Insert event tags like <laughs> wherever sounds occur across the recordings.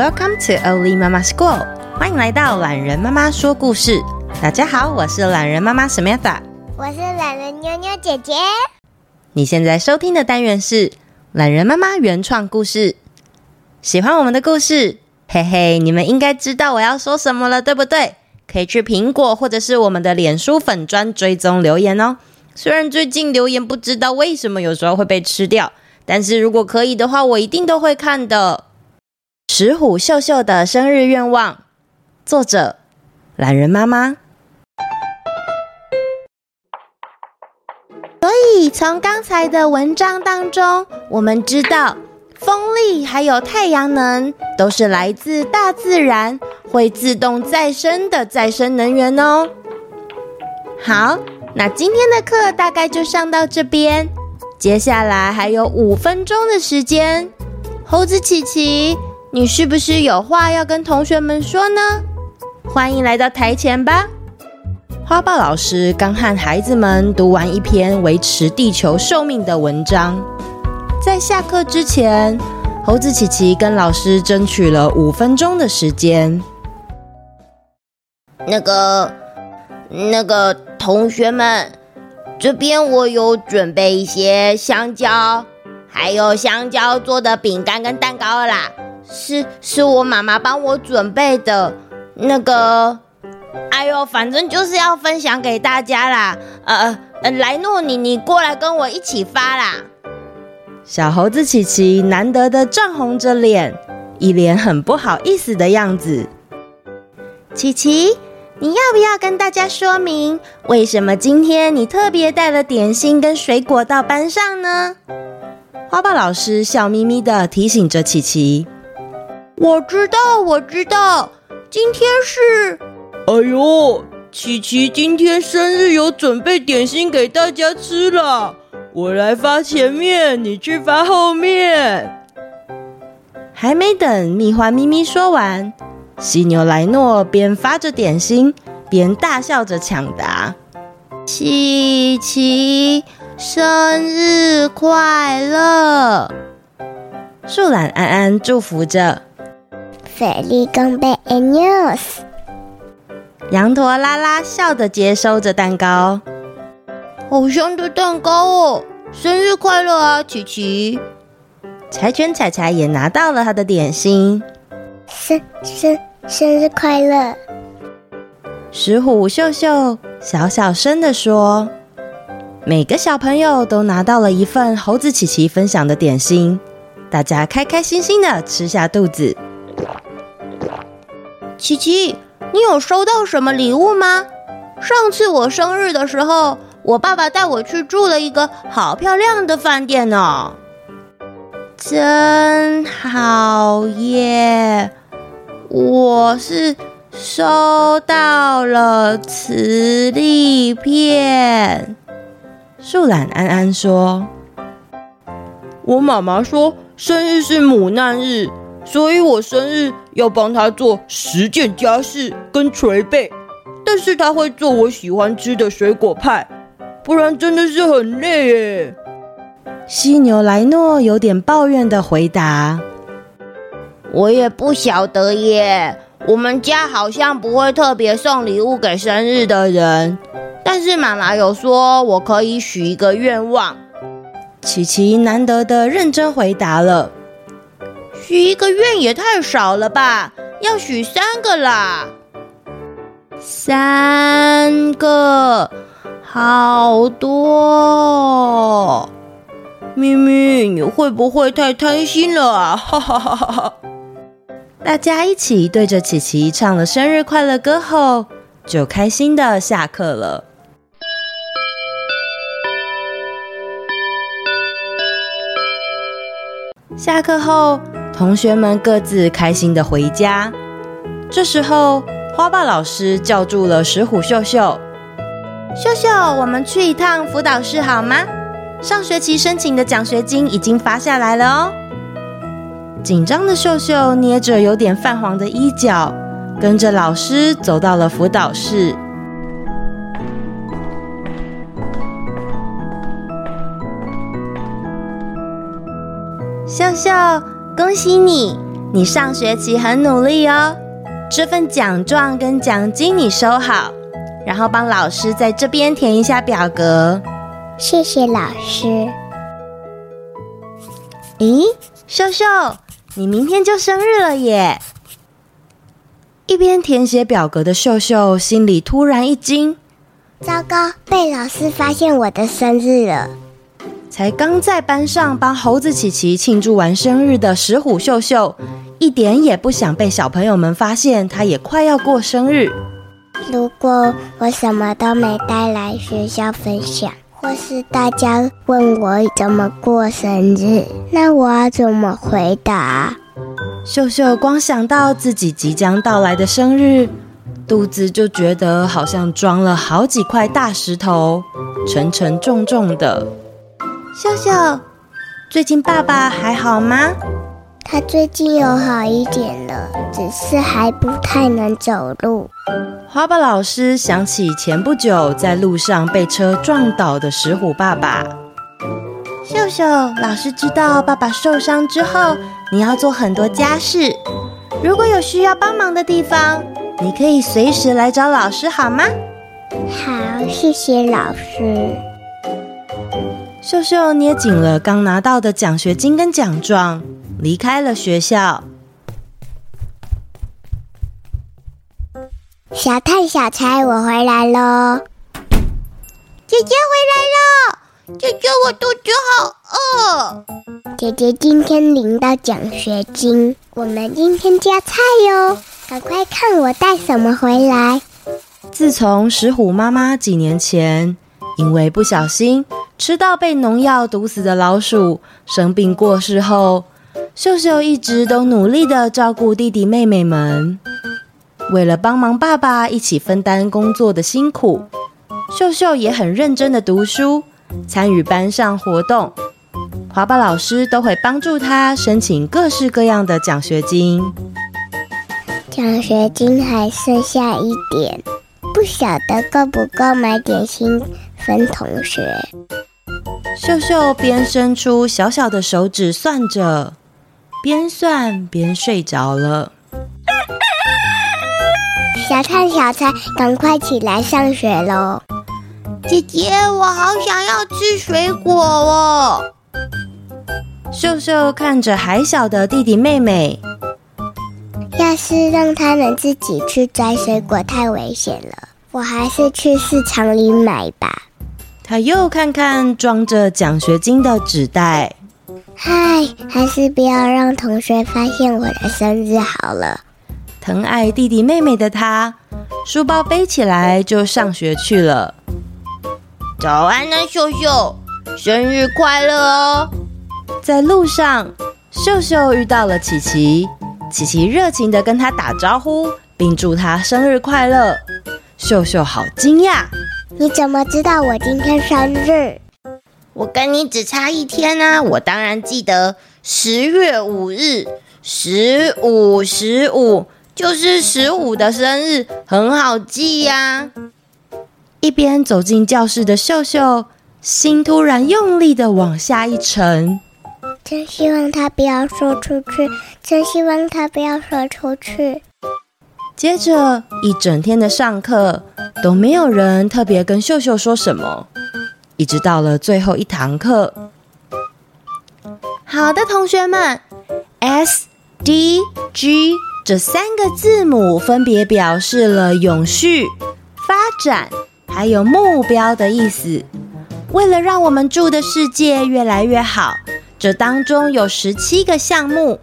Welcome to Oli Mama School，歡迎來到懶人媽媽說故事。大家好，我是懶人媽媽 Samantha，我是懶人妞妞姐姐。你現在收聽的單元是懶人媽媽原創故事。喜歡我們的故事，嘿嘿，你們應該知道我要說什麼了，對不對？可以去蘋果或者是我們的臉書粉專追蹤留言哦。雖然最近留言不知道為什麼有時候會被吃掉，但是如果可以的話，我一定都會看的。石虎秀秀的生日願望，作者：欖仁媽媽。所以從剛才的文章當中，我們知道，風力還有太陽能都是來自大自然，會自動再生的再生能源哦。好，那今天的課大概就上到這邊，接下來還有五分鐘的時間。猴子琪琪。你是不是有話要跟同學們說呢？歡迎來到台前吧，花豹老師剛和孩子們讀完一篇維持地球壽命的文章，在下課之前，猴子琪琪跟老師爭取了五分鐘的時間。那個、那個，同學們，這邊我有準備一些香蕉，還有香蕉做的餅乾跟蛋糕啦。是是我媽媽幫我準備的，那個，哎呦，反正就是要分享給大家啦。呃，呃萊諾，你你過來跟我一起發啦。小猴子琪琪難得的漲紅着臉，一臉很不好意思的樣子。琪琪，你要不要跟大家說明，為什麼今天你特別帶了點心跟水果到班上呢？花豹老師笑眯眯的提醒着琪琪。我知道，我知道，今天是，哎呦，琪琪今天生日，有準備點心給大家吃了。我來發前面，你去發後面。還沒等蜜花咪咪說完，犀牛萊諾邊發着點心，邊大笑着搶答：“琪琪生日快樂！”樹懶安安祝福着。美麗公貝的 news，羊駝拉拉笑着接收着蛋糕，好香的蛋糕哦！生日快樂啊，琪琪，柴犬彩彩也拿到了他的點心，生生生日快樂！石虎秀秀小小聲的說：“每個小朋友都拿到了一份猴子琪琪分享的點心，大家開開心心的吃下肚子。”琪琪，你有收到什麼禮物嗎？上次我生日的時候，我爸爸帶我去住了一個好漂亮的飯店呢，真好耶！我是收到了磁力片。樹懶安安說：“我媽媽說生日是母難日，所以我生日，”要幫他做十件家事跟捶背，但是他會做我喜歡吃的水果派，不然真的是很累耶。犀牛萊諾有點抱怨的回答：“我也不曉得耶，我們家好像不會特別送禮物給生日的人，但是媽媽有說我可以許一個願望。”琪琪難得的認真回答了。許一個願也太少了吧，要許三個啦，三個，好多哦。咪咪，你會不會太貪心了啊？哈哈哈！哈哈。大家一起對着琪琪唱了生日快樂歌後，就開心的下課了。下課後。同學們各自開心地回家。這時候，花爸老師叫住了石虎秀秀：“秀秀，我們去一趟輔導室好嗎？上學期申請的獎學金已經發下來了哦。”緊張的秀秀捏着有點泛黃的衣角，跟着老師走到了輔導室。秀秀。恭喜你，你上學期很努力哦。這份獎狀跟獎金你收好，然後幫老師在這邊填一下表格。謝謝老師。咦，秀秀，你明天就生日了耶！一邊填寫表格的秀秀心裡突然一驚，糟糕，被老師發現我的生日了。才剛在班上幫猴子琪琪慶祝完生日的石虎秀秀，一點也不想被小朋友們發現，他也快要過生日。如果我什麼都沒帶來學校分享，或是大家問我怎麼過生日，那我要怎麼回答？秀秀光想到自己即將到來的生日，肚子就覺得好像裝了好幾塊大石頭，沉沉重重的。秀秀，最近爸爸還好嗎？他最近有好一點了，只是還不太能走路。滑板老師想起前不久在路上被車撞倒的石虎爸爸。秀秀，老師知道爸爸受傷之後，你要做很多家事。如果有需要幫忙的地方，你可以隨時來找老師，好嗎？好，謝謝老師。秀秀捏緊了剛拿到的獎學金跟獎狀，離開了學校。小太、小柴，我回來嘍！姐姐回來了，姐姐，我肚子好餓。姐姐今天領到獎學金，我們今天加菜喲！趕快看我帶什麼回來。自從石虎媽媽幾年前，因為不小心吃到被農藥毒死的老鼠，生病過世後，秀秀一直都努力的照顧弟弟妹妹們。為了幫忙爸爸一起分擔工作的辛苦，秀秀也很認真的讀書，參與班上活動。華爸老師都會幫助他申請各式各樣的獎學金。獎學金還剩下一點。不曉得夠不夠買點心分同學。秀秀邊伸出小小的手指算着邊算邊睡着了。 <laughs> 小菜小菜，趕快起來上學嘍！姐姐，我好想要吃水果哦。秀秀看着還小的弟弟妹妹。但是讓他們自己去摘水果太危險了，我還是去市場裡買吧。他又看看裝着獎學金的紙袋，嗨，還是不要讓同學發現我的生日好了。疼愛弟弟妹妹的他，書包背起來就上學去了。早安啊，呢秀秀，生日快樂哦！在路上，秀秀遇到了琪琪。琪琪熱情地跟他打招呼，並祝他生日快樂。秀秀好驚訝，你怎麼知道我今天生日？我跟你只差一天啊，我當然記得。十月五日，十五十五，就是十五的生日，很好記呀。一邊走進教室的秀秀，心突然用力地往下一沉。真希望他不要說出去！真希望他不要說出去。接着一整天的上課都沒有人特別跟秀秀說什麼，一直到了最後一堂課。好的，同學們，S、D、G 這三個字母分別表示了永續、發展還有目標的意思。為了讓我們住的世界越來越好。這當中有十七個項目，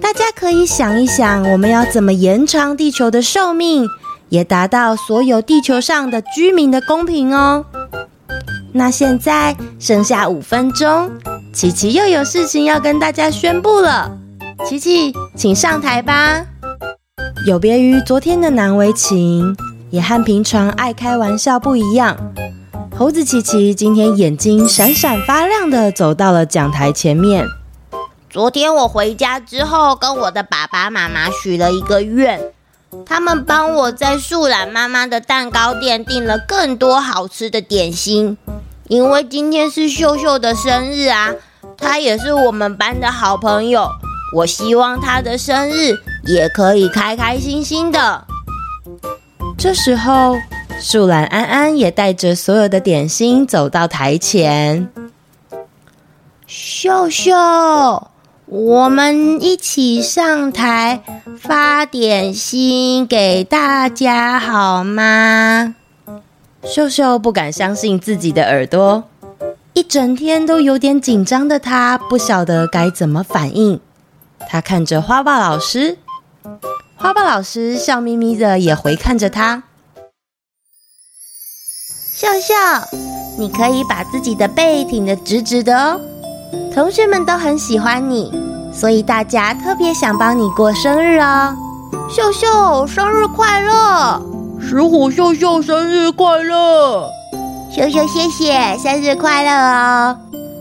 大家可以想一想，我們要怎麼延長地球的壽命，也達到所有地球上的居民的公平哦。那現在剩下五分鐘，琪琪又有事情要跟大家宣布了。琪琪，請上台吧。有別於昨天的難為情，也和平常愛開玩笑不一樣。猴子琪琪今天眼睛閃閃發亮的走到了講台前面。昨天我回家之後，跟我的爸爸媽媽許了一個願，他們幫我在樹懶媽媽的蛋糕店訂了更多好吃的點心。因為今天是秀秀的生日啊，她也是我們班的好朋友，我希望她的生日也可以開開心心的。這時候。樹懶安安也帶着所有的點心走到台前。秀秀，我們一起上台發點心給大家好嗎？秀秀不敢相信自己的耳朵，一整天都有點緊張的他不曉得該怎麼反應。他看着花豹老師，花豹老師笑眯眯的也回看着他。秀秀，你可以把自己的背挺得直直的哦。同學們都很喜歡你，所以大家特別想幫你過生日哦。秀秀，生日快樂！石虎，秀秀，生日快樂！秀秀，謝謝，生日快樂哦！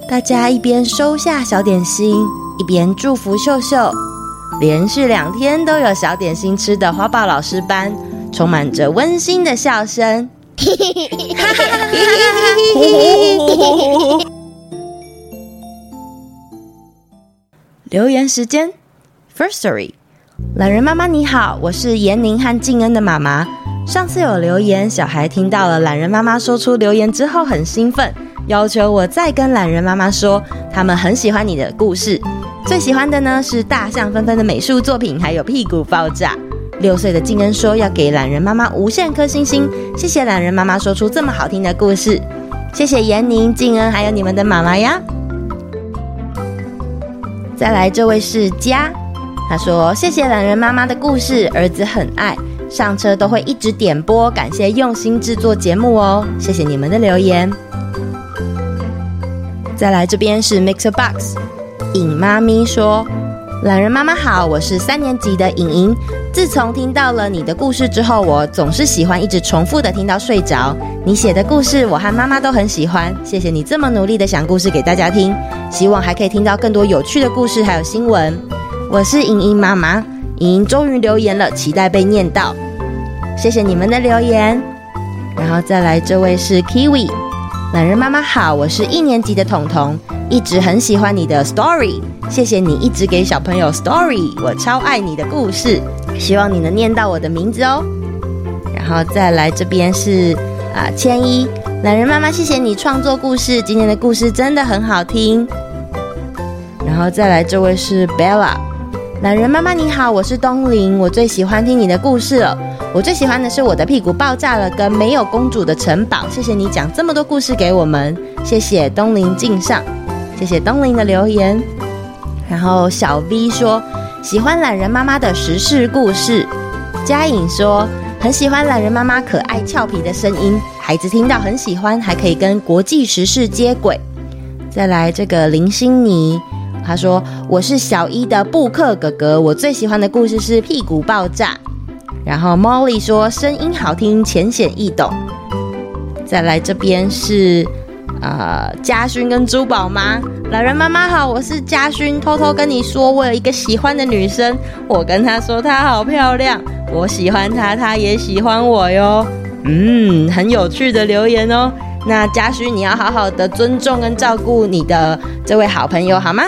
大家一邊收下小點心，一邊祝福秀秀。連續兩天都有小點心吃的花豹老師班，充滿着溫馨的笑聲。 <laughs> <laughs> 留言時間，Firstory，欖仁媽媽你好，我是延寧和靜恩的媽媽。上次有留言，小孩聽到了欖仁媽媽說出留言之後很興奮，要求我再跟欖仁媽媽說，他們很喜歡你的故事，最喜歡的呢是大象紛紛的美術作品，還有屁股爆炸。六歲的靜恩說：“要給欖仁媽媽無限顆星星，謝謝欖仁媽媽說出這麼好聽的故事，謝謝閆寧、靜恩，還有你們的媽媽呀。”再來，這位是佳，她說：“謝謝欖仁媽媽的故事，兒子很愛，上車都會一直點播，感謝用心制作節目哦，謝謝你們的留言。”再來，這邊是 MixerBox，尹媽咪說。欖仁媽媽好，我是三年級的瑩瑩。自從聽到了你的故事之後，我總是喜歡一直重複的聽到睡着。你寫的故事我和媽媽都很喜歡，謝謝你這麼努力的講故事給大家聽。希望還可以聽到更多有趣的故事，還有新聞。我是瑩瑩媽媽，瑩瑩終於留言了，期待被念到。謝謝你們的留言。然後再來這位是 Kiwi。欖仁媽媽好，我是一年級的彤彤。一直很喜歡你的 story，謝謝你一直給小朋友 story，我超愛你的故事，希望你能念到我的名字哦。然後再來這邊是啊千一，欖仁媽媽，謝謝你創作故事，今天的故事真的很好聽。然後再來這位是 Bella，欖仁媽媽你好，我是東林，我最喜歡聽你的故事了，我最喜歡的是我的屁股爆炸了跟沒有公主的城堡，謝謝你講這麼多故事給我們，謝謝東林敬上。謝謝東林的留言，然後小 V 說喜歡欖仁媽媽的時事故事，佳穎說很喜歡欖仁媽媽可愛俏皮的聲音，孩子聽到很喜歡，還可以跟國際時事接軌。再來這個林心妮她說我是小一的布克哥哥，我最喜歡的故事是屁股爆炸。然後 Molly 說聲音好聽，淺顯易懂。再來這邊是。啊、呃，家勳跟珠寶媽，欖仁媽媽好，我是家勳，偷偷跟你說，我有一個喜歡的女生，我跟她說她好漂亮，我喜歡她，她也喜歡我喲，嗯，很有趣的留言哦。那家勳你要好好的尊重跟照顧你的這位好朋友好嗎？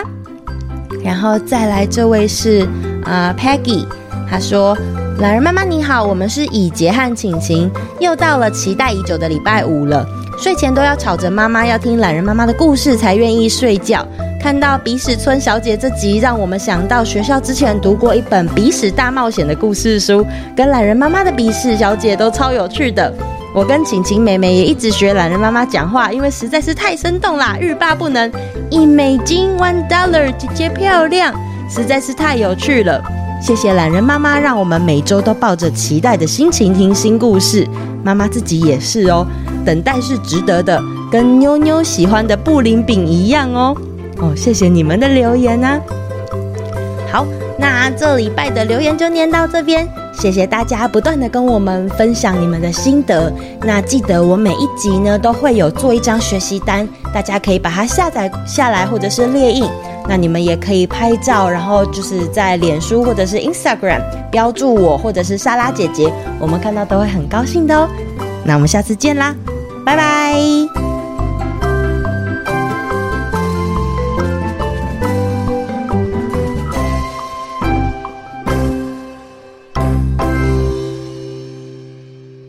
然後再來這位是啊、呃、，Peggy，她說。欖仁媽媽你好，我們是以杰和晴晴，又到了期待已久的禮拜五了。睡前都要吵着媽媽要聽欖仁媽媽的故事才願意睡覺。看到鼻屎村小姐這集，讓我們想到學校之前讀過一本《鼻屎大冒險》的故事書，跟欖仁媽媽的鼻屎小姐都超有趣的。我跟晴晴妹妹也一直學欖仁媽媽講話，因為實在是太生動啦，欲罷不能。一美金 one dollar，姐姐漂亮，實在是太有趣了。謝謝欖仁媽媽，讓我們每周都抱着期待的心情聽新故事。媽媽自己也是哦，等待是值得的，跟妞妞喜歡的布林餅一樣哦。哦，謝謝你們的留言啊！好，那這禮拜的留言就念到這邊。謝謝大家不斷地跟我們分享你們的心得。那記得我每一集呢都會有做一張學習單，大家可以把它下載下來或者是列印。那你們也可以拍照，然後就是在臉書或者是 Instagram 標注我，或者是莎拉姐姐，我們看到都會很高興的哦。那我們下次見啦，拜拜。